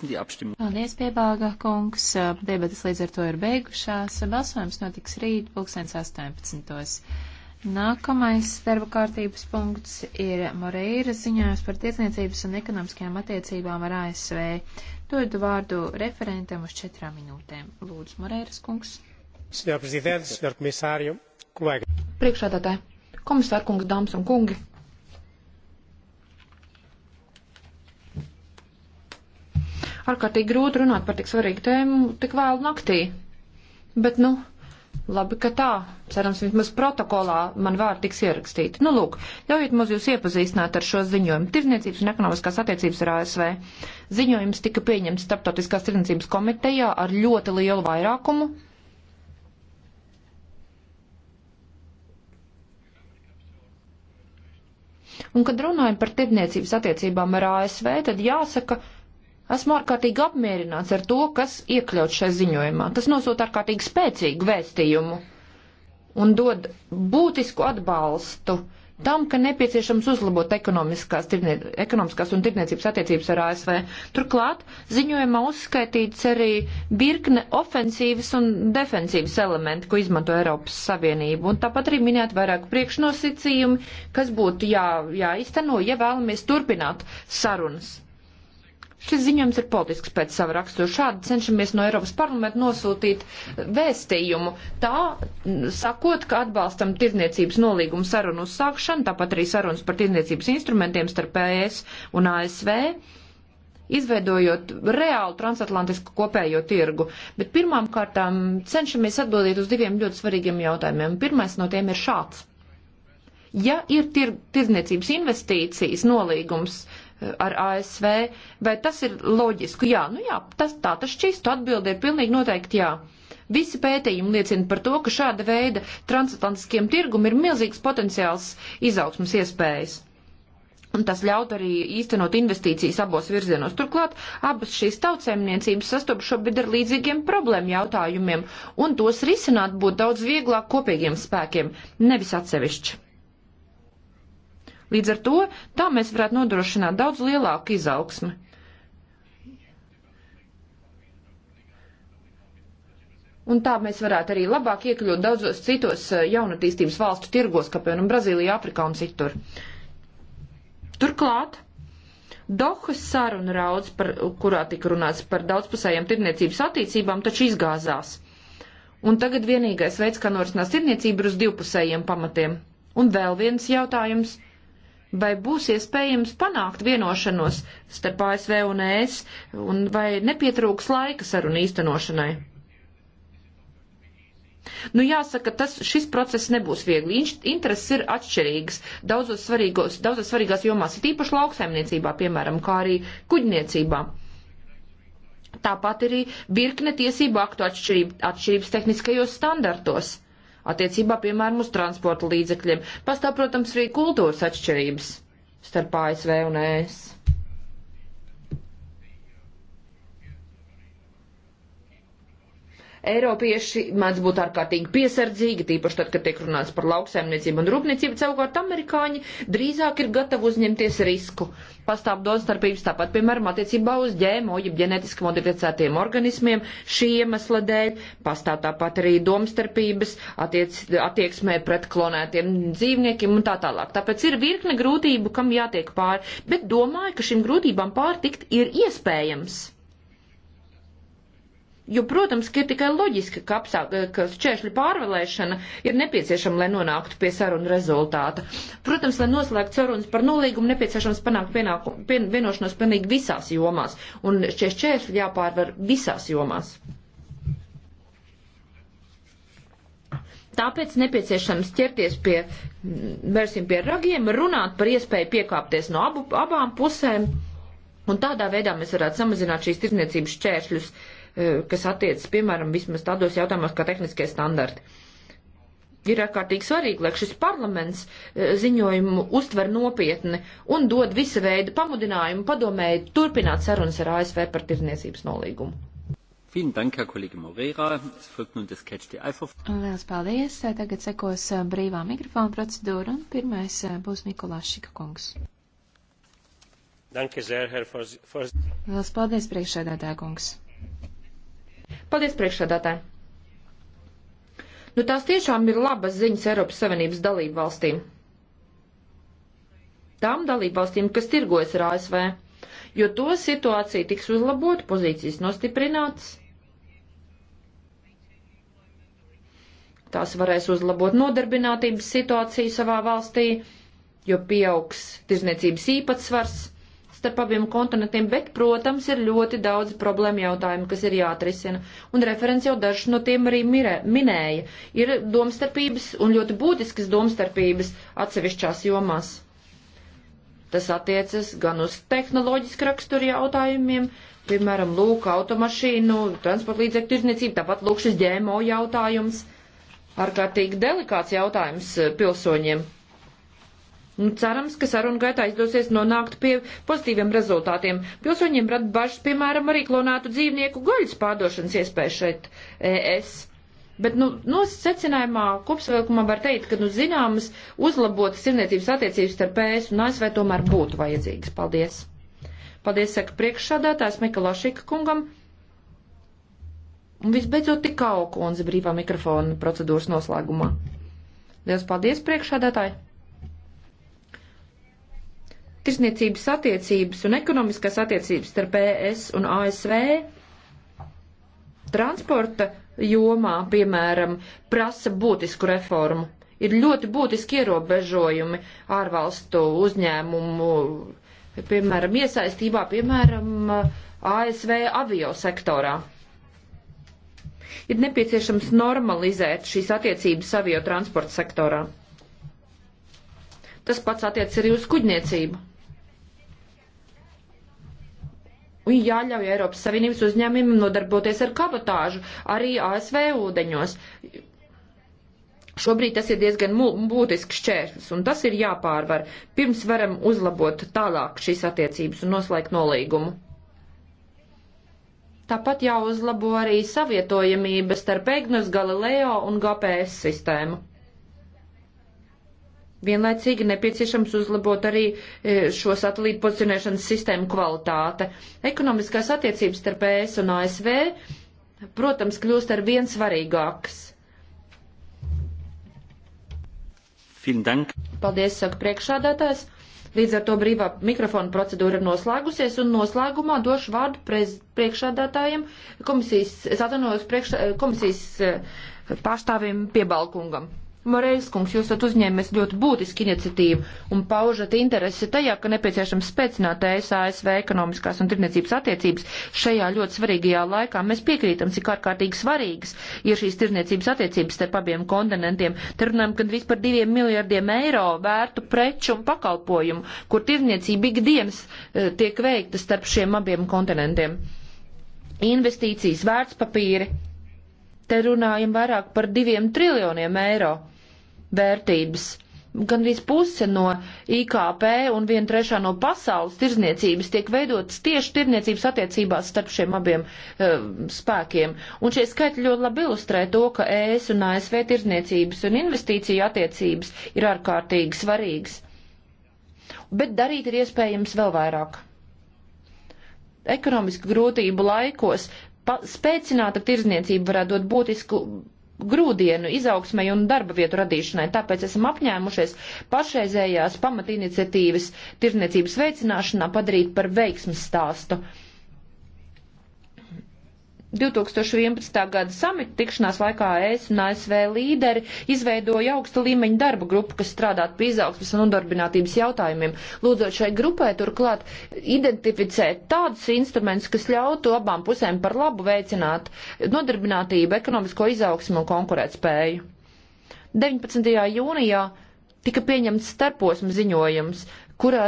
Paldies, Piebāga kungs. Debatas līdz ar to ir beigušās. Balsojums notiks rīt, 2018. Nākamais darba kārtības punkts ir Moreiras ziņojums par tirdzniecības un ekonomiskajām attiecībām ar ASV. Dodu vārdu referentam uz četrām minūtēm. Lūdzu, Moreiras kungs. Priekšādātāji, komisārkungs, dāmas un kungi, Ārkārtīgi grūti runāt par tik svarīgu tēmu tik vēlu naktī. Bet, nu, Labi, ka tā. Cerams, vismaz protokolā man vārdi tiks ierakstīti. Nu, lūk, ļaujiet mums jūs iepazīstināt ar šo ziņojumu. Tirzniecības un ekonomiskās attiecības ar ASV. Ziņojums tika pieņemts Starptautiskās tirdzniecības komitejā ar ļoti lielu vairākumu. Un, kad runājam par tirdzniecības attiecībām ar ASV, tad jāsaka, ka Esmu ārkārtīgi apmierināts ar to, kas iekļauts šajā ziņojumā. Tas nosūta ārkārtīgi spēcīgu vēstījumu un dod būtisku atbalstu tam, ka nepieciešams uzlabot ekonomiskās, tirnie, ekonomiskās un tirniecības attiecības ar ASV. Turklāt ziņojumā uzskaitīts arī birkne ofensīvas un defensīvas elementi, ko izmanto Eiropas Savienība, un tāpat arī minēt vairāku priekšnosacījumu, kas būtu jā, jāizteno, ja vēlamies turpināt sarunas Šis ziņojums ir politisks pēc sava rakstura. Šādi cenšamies no Eiropas parlamenta nosūtīt vēstījumu. Tā mm, sakot, ka atbalstam tirdzniecības nolīgumu sarunu uzsākšanu, tāpat arī sarunas par tirdzniecības instrumentiem starp ES un ASV izveidojot reālu transatlantisku kopējo tirgu. Bet pirmām kārtām cenšamies atbildēt uz diviem ļoti svarīgiem jautājumiem. Pirmais no tiem ir šāds. Ja ir tir tirdzniecības investīcijas nolīgums, uh, ar ASV, vai tas ir loģiski? Jā, nu jā, tas tā tas šķistu atbildi ir pilnīgi noteikti jā. Visi pētījumi liecina par to, ka šāda veida transatlantiskiem tirgum ir milzīgs potenciāls izaugsmas iespējas. Un tas ļaut arī īstenot investīcijas abos virzienos. Turklāt abas šīs tautsēmniecības sastopas šobrīd ar līdzīgiem problēmu jautājumiem, un tos risināt būtu daudz vieglāk kopīgiem spēkiem, nevis atsevišķi. Līdz ar to tā mēs varētu nodrošināt daudz lielāku izaugsmi. Un tā mēs varētu arī labāk iekļūt daudzos citos eh, jaunatīstības valstu tirgos, kā piemēram Brazīlija, Afrikā un citur. Turklāt Dohas saruna raudz, par, kurā tika runāts par daudzpusējām tirniecības attīstībām, taču izgāzās. Un tagad vienīgais veids, kā norisinās tirniecība, ir uz divpusējiem pamatiem. Un vēl viens jautājums vai būs iespējams panākt vienošanos starp ASV un ES, un vai nepietrūks laika sarunu īstenošanai. Nu, jāsaka, tas, šis process nebūs viegli. Inš, intereses ir atšķirīgas daudzos svarīgos, daudzos svarīgās jomās, ir īpaši lauksaimniecībā, piemēram, kā arī kuģniecībā. Tāpat arī virkne tiesību aktu atšķirība, atšķirības tehniskajos standartos attiecībā, piemēram, uz transporta līdzekļiem. Pastāv, protams, arī kultūras atšķirības starp ASV un ES. Eiropieši mēdz būt ārkārtīgi piesardzīgi, tīpaši tad, kad tiek runāts par lauksaimniecību un rūpniecību, savukārt amerikāņi drīzāk ir gatavi uzņemties risku. Pastāv donstarpības tāpat, piemēram, attiecībā uz ģēmo, jeb ģenetiski modificētiem organismiem, šī iemesla dēļ pastāv tāpat arī domstarpības attiec, attieksmē pret klonētiem dzīvniekiem un tā tālāk. Tāpēc ir virkne grūtību, kam jātiek pāri, bet domāju, ka šīm grūtībām pārtikt ir iespējams. Jo, protams, ka ir tikai loģiski, ka, apsāk, ka šķēršļu pārvalēšana ir nepieciešama, lai nonāktu pie sarunu rezultāta. Protams, lai noslēgtu sarunas par nolīgumu, nepieciešams panākt pienāku, pien, vienošanos pilnīgi visās jomās, un šie šķēršļi jāpārvar visās jomās. Tāpēc nepieciešams ķerties pie, vērsim pie ragiem, runāt par iespēju piekāpties no abu, abām pusēm, un tādā veidā mēs varētu samazināt šīs tirdzniecības šķēršļus. Uh, E, kas attiecas, piemēram, vismaz tādos jautājumos kā tehniskie standarti. Ir ārkārtīgi svarīgi, lai šis parlaments e, ziņojumu uztver nopietni un dod visu veidu pamudinājumu padomēji turpināt sarunas ar ASV par tirniecības nolīgumu. Lielas paldies! Tagad sekos e, brīvā mikrofona procedūra un pirmais būs Mikulās Šikakungs. Lielas paldies, priekšsēdētāja kungs! Paldies, priekšsēdētāji! Nu, tās tiešām ir labas ziņas Eiropas Savienības dalību valstīm. Tām dalību valstīm, kas tirgojas ar ASV, jo to situācija tiks uzlabot, pozīcijas nostiprinātas, tās varēs uzlabot nodarbinātības situāciju savā valstī, jo pieaugs tirzniecības īpatsvars starp abiem kontinentiem, bet, protams, ir ļoti daudz problēmu jautājumu, kas ir jāatrisina. Un referents jau dažs no tiem arī mirē, minēja. Ir domstarpības un ļoti būtiskas domstarpības atsevišķās jomās. Tas attiecas gan uz tehnoloģisku raksturu jautājumiem, piemēram, lūk, automašīnu, transporta līdzekļu tirzniecību, tāpat lūk šis ģēmo jautājums, ārkārtīgi delikāts jautājums pilsoņiem. Un cerams, ka sarunu gaitā izdosies nonākt pie pozitīviem rezultātiem. Pilsoņiem rad bažas, piemēram, arī klonētu dzīvnieku gaļas pārdošanas iespējas šeit ES. Bet, nu, nosacinājumā, kopsavilkumā var teikt, ka, nu, zināmas uzlabotas simniecības attiecības starp ES un ASV tomēr būtu vajadzīgas. Paldies! Paldies, saka priekšsādātājs Mikalašika kungam. Un visbeidzot tikā okundze brīvā mikrofona procedūras noslēgumā. Liels paldies priekšādātāji! tirzniecības attiecības un ekonomiskās attiecības starp ES un ASV transporta jomā, piemēram, prasa būtisku reformu. Ir ļoti būtiski ierobežojumi ārvalstu uzņēmumu, piemēram, iesaistībā, piemēram, ASV avio sektorā. Ir nepieciešams normalizēt šīs attiecības avio transporta sektorā. Tas pats attiec arī uz kuģniecību. un jāļauj Eiropas Savienības uzņēmumiem nodarboties ar kabatāžu arī ASV ūdeņos. Šobrīd tas ir diezgan būtisks šķērslis, un tas ir jāpārvar, pirms varam uzlabot tālāk šīs attiecības un noslēgt nolīgumu. Tāpat jāuzlabo arī savietojamība starp Egnos, Galileo un GPS sistēmu. Vienlaicīgi nepieciešams uzlabot arī e, šo satelītu pozicionēšanas sistēmu kvalitāte. Ekonomiskās attiecības starp ES un ASV, protams, kļūst ar vien svarīgākas. Paldies, saka priekšādātājs. Līdz ar to brīvā mikrofona procedūra ir noslēgusies, un noslēgumā došu vārdu prez, priekšādātājiem komisijas, es atvainojos, priekš, komisijas e, pārstāvim piebalkungam. Moreļs kungs, jūs esat uzņēmis ļoti būtisku iniciatīvu un paužat interesi tajā, ka nepieciešams spēcināt ES-ASV ekonomiskās un tirniecības attiecības šajā ļoti svarīgajā laikā. Mēs piekrītam, cik ārkārtīgi svarīgas ir šīs tirniecības attiecības starp abiem kontinentiem. Te runājam, kad vispār diviem miljardiem eiro vērtu preču un pakalpojumu, kur tirniecība ikdienas eh, tiek veikta starp šiem abiem kontinentiem. Investīcijas, vērtspapīri Te runājam vairāk par diviem triljoniem eiro vērtības. Gan arī puse no IKP un viena trešā no pasaules tirzniecības tiek veidotas tieši tirzniecības attiecībās starp šiem abiem uh, spēkiem. Un šie skaitļi ļoti labi ilustrē to, ka ES un ASV tirzniecības un investīciju attiecības ir ārkārtīgi svarīgas. Bet darīt ir iespējams vēl vairāk ekonomiski grūtību laikos spēcināta tirzniecība varētu dot būtisku grūdienu izaugsmai un darba vietu radīšanai. Tāpēc esam apņēmušies pašreizējās pamatiniciatīvas tirzniecības veicināšanā padarīt par veiksmes stāstu. Uh, 2011. gada samita tikšanās laikā ES un ASV līderi izveidoja augsta līmeņa darba grupu, kas strādātu pie izaugsmes un nodarbinātības jautājumiem, lūdzot šai grupai turklāt identificēt tādus instrumentus, kas ļautu abām pusēm par labu veicināt nodarbinātību, ekonomisko izaugsmu un konkurētspēju. 19. jūnijā tika pieņemts starposmu ziņojums, kurā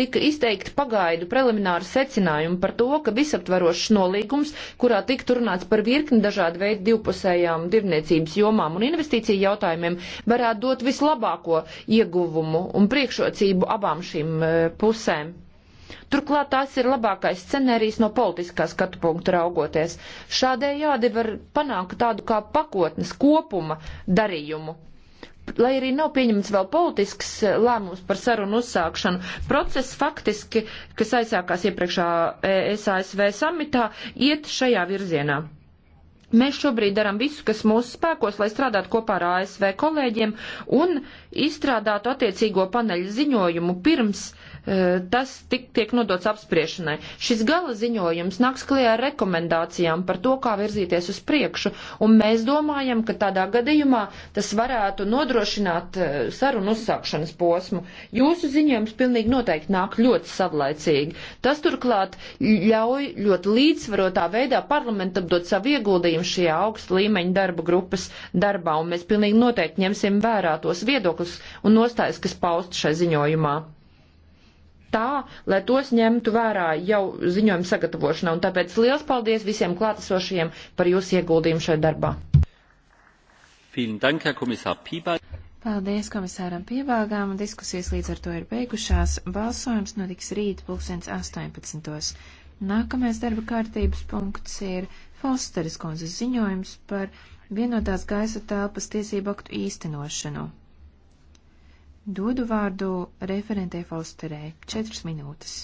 tika izteikti pagaidu prelimināri secinājumi par to, ka visaptverošs nolīgums, kurā tika runāts par virkni dažādu veidu divpusējām dirniecības jomām un investīciju jautājumiem, varētu dot vislabāko ieguvumu un priekšrocību abām šīm e, pusēm. Turklāt tās ir labākais scenērijs no politiskā skatu punkta raugoties. Šādējādi var panākt tādu kā pakotnes kopuma darījumu lai arī nav pieņemts vēl politisks eh, lēmums par sarunu uzsākšanu, process faktiski, kas aizsākās iepriekšā ESASV eh, samitā, iet šajā virzienā. Mēs šobrīd darām visu, kas mūsu spēkos, lai strādātu kopā ar ASV kolēģiem un izstrādātu attiecīgo paneļu ziņojumu pirms e, tas tik, tiek nodots apspriešanai. Šis gala ziņojums nāks klajā ar rekomendācijām par to, kā virzīties uz priekšu, un mēs domājam, ka tādā gadījumā tas varētu nodrošināt e, sarunu uzsākšanas posmu. Jūsu ziņojums pilnīgi noteikti nāk ļoti savlaicīgi. Tas turklāt ļauj ļoti līdzsvarotā veidā parlamentam dot savu ieguldījumu šajā augsta līmeņa darba grupas darbā, un mēs pilnīgi noteikti ņemsim vērā tos viedokļus viedoklis un nostājas, kas paust šai ziņojumā. Tā, lai tos ņemtu vērā jau ziņojuma sagatavošanā, un tāpēc liels paldies visiem klātesošajiem par jūsu ieguldījumu šai darbā. Paldies komisāram Piebalgām, diskusijas līdz ar to ir beigušās, balsojums notiks rīt 2018. Nākamais darba kārtības punkts ir Fosteris kundzes ziņojums par vienotās gaisa telpas tiesību aktu īstenošanu. Dodu vārdu referentē Fausterē. Četras minūtes.